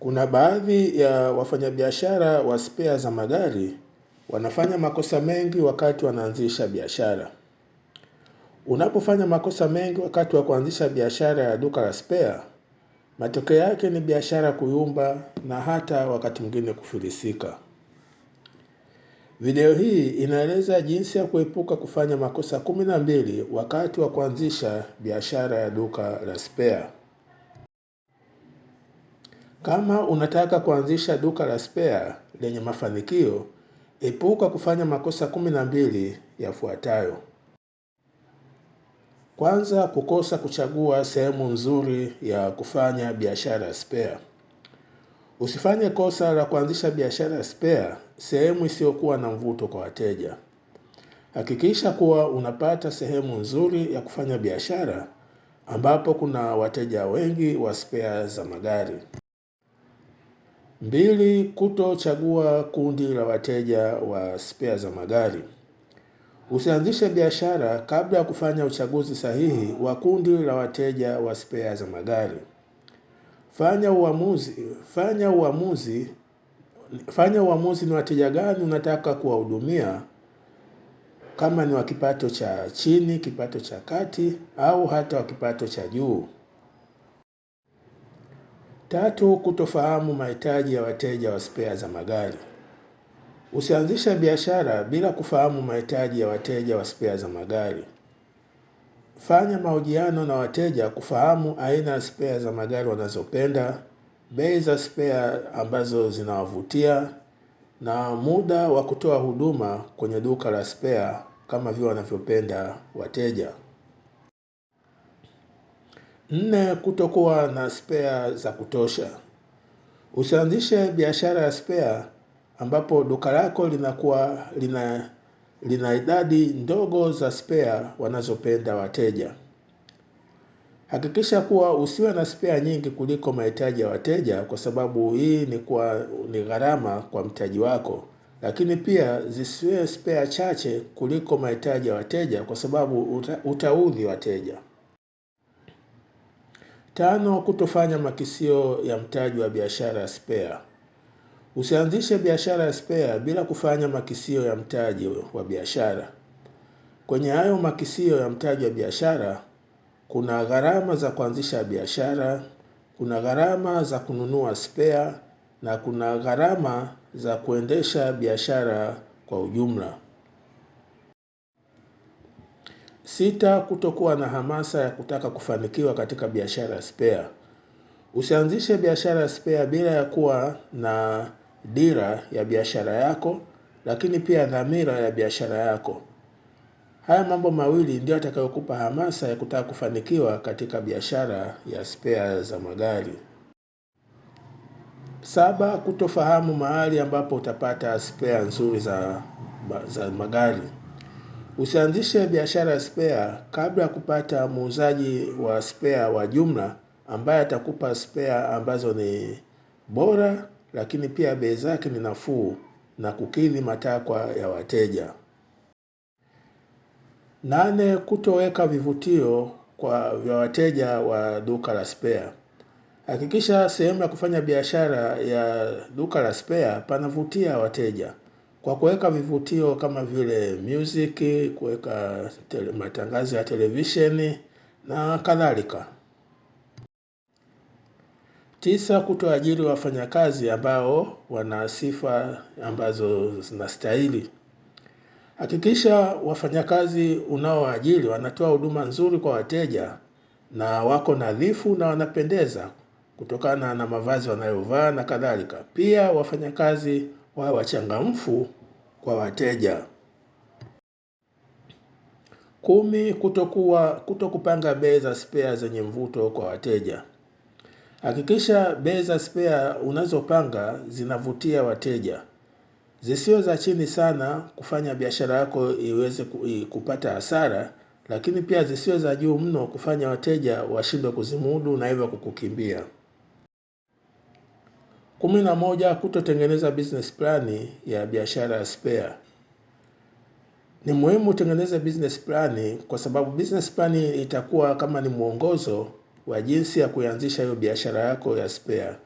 Kuna baadhi ya wafanyabiashara wa spea za magari wanafanya makosa mengi wakati wanaanzisha biashara. Unapofanya makosa mengi wakati wa kuanzisha biashara ya duka la spea, matokeo yake ni biashara kuyumba na hata wakati mwingine kufilisika. Video hii inaeleza jinsi ya kuepuka kufanya makosa kumi na mbili wakati wa kuanzisha biashara ya duka la spea. Kama unataka kuanzisha duka la spare lenye mafanikio, epuka kufanya makosa kumi na mbili yafuatayo. Kwanza, kukosa kuchagua sehemu nzuri ya kufanya biashara spare. Usifanye kosa la kuanzisha biashara spare sehemu isiyokuwa na mvuto kwa wateja. Hakikisha kuwa unapata sehemu nzuri ya kufanya biashara ambapo kuna wateja wengi wa spare za magari. Mbili, kutochagua kundi la wateja wa spea za magari. Usianzishe biashara kabla ya kufanya uchaguzi sahihi wa kundi la wateja wa spea za magari. Fanya uamuzi, fanya uamuzi, fanya uamuzi ni wateja gani unataka kuwahudumia kama ni wa kipato cha chini, kipato cha kati au hata wa kipato cha juu. Tatu, kutofahamu mahitaji ya wateja wa spea za magari. Usianzisha biashara bila kufahamu mahitaji ya wateja wa spea za magari. Fanya mahojiano na wateja kufahamu aina ya spea za magari wanazopenda, bei za spea ambazo zinawavutia na muda wa kutoa huduma kwenye duka la spea kama vile wanavyopenda wateja. Nne, kutokuwa na spea za kutosha. Usianzishe biashara ya spea ambapo duka lako linakuwa lina lina idadi ndogo za spea wanazopenda wateja. Hakikisha kuwa usiwe na spea nyingi kuliko mahitaji ya wateja, kwa sababu hii ni kwa ni gharama kwa mtaji wako, lakini pia zisiwe spea chache kuliko mahitaji ya wateja, kwa sababu uta, utaudhi wateja. Tano, kutofanya makisio ya mtaji wa biashara ya spea. Usianzishe biashara ya spea bila kufanya makisio ya mtaji wa biashara. Kwenye hayo makisio ya mtaji wa biashara kuna gharama za kuanzisha biashara, kuna gharama za kununua spea na kuna gharama za kuendesha biashara kwa ujumla. Sita, kutokuwa na hamasa ya kutaka kufanikiwa katika biashara ya spare. Usianzishe biashara ya spare bila ya kuwa na dira ya biashara yako, lakini pia dhamira ya biashara yako. Haya mambo mawili ndio yatakayokupa hamasa ya kutaka kufanikiwa katika biashara ya spare za magari. Saba, kutofahamu mahali ambapo utapata spare nzuri za, za magari. Usianzishe biashara ya spare kabla ya kupata muuzaji wa spare wa jumla ambaye atakupa spare ambazo ni bora, lakini pia bei zake ni nafuu na kukidhi matakwa ya wateja. Nane, kutoweka vivutio kwa vya wateja wa duka la spare. Hakikisha sehemu ya kufanya biashara ya duka la spare panavutia wateja kwa kuweka vivutio kama vile music, kuweka tele, matangazo ya televisheni na kadhalika. Tisa, kutoajiri wafanyakazi ambao wana sifa ambazo zinastahili. Hakikisha wafanyakazi unaoajiri wanatoa huduma nzuri kwa wateja na wako nadhifu na wanapendeza kutokana na mavazi wanayovaa na kadhalika. Pia wafanyakazi wawe wachangamfu kwa wateja. Kumi, kutokuwa kutokupanga bei za spea zenye mvuto kwa wateja. Hakikisha bei za spea unazopanga zinavutia wateja. Zisio za chini sana kufanya biashara yako iweze kupata hasara, lakini pia zisio za juu mno kufanya wateja washindwe kuzimudu na hivyo kukukimbia kumi na moja kutotengeneza business plani ya biashara ya spare. Ni muhimu utengeneze business plani kwa sababu business plani itakuwa kama ni mwongozo wa jinsi ya kuanzisha hiyo biashara yako ya spare.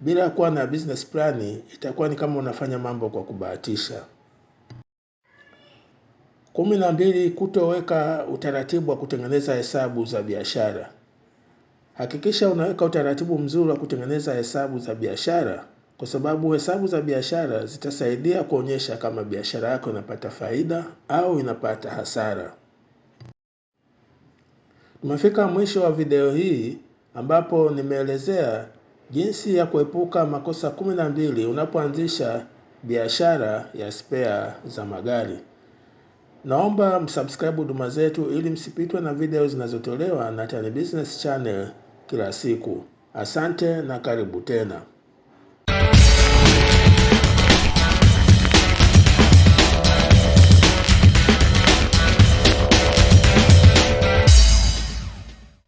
Bila kuwa na business plani itakuwa ni kama unafanya mambo kwa kubahatisha. Kumi na mbili kutoweka utaratibu wa kutengeneza hesabu za biashara. Hakikisha unaweka utaratibu mzuri wa kutengeneza hesabu za biashara kwa sababu hesabu za biashara zitasaidia kuonyesha kama biashara yako inapata faida au inapata hasara. Tumefika mwisho wa video hii ambapo nimeelezea jinsi ya kuepuka makosa 12 unapoanzisha biashara ya spare za magari. Naomba msubscribe huduma zetu ili msipitwe na video zinazotolewa na Tan Business Channel kila siku. Asante na karibu tena.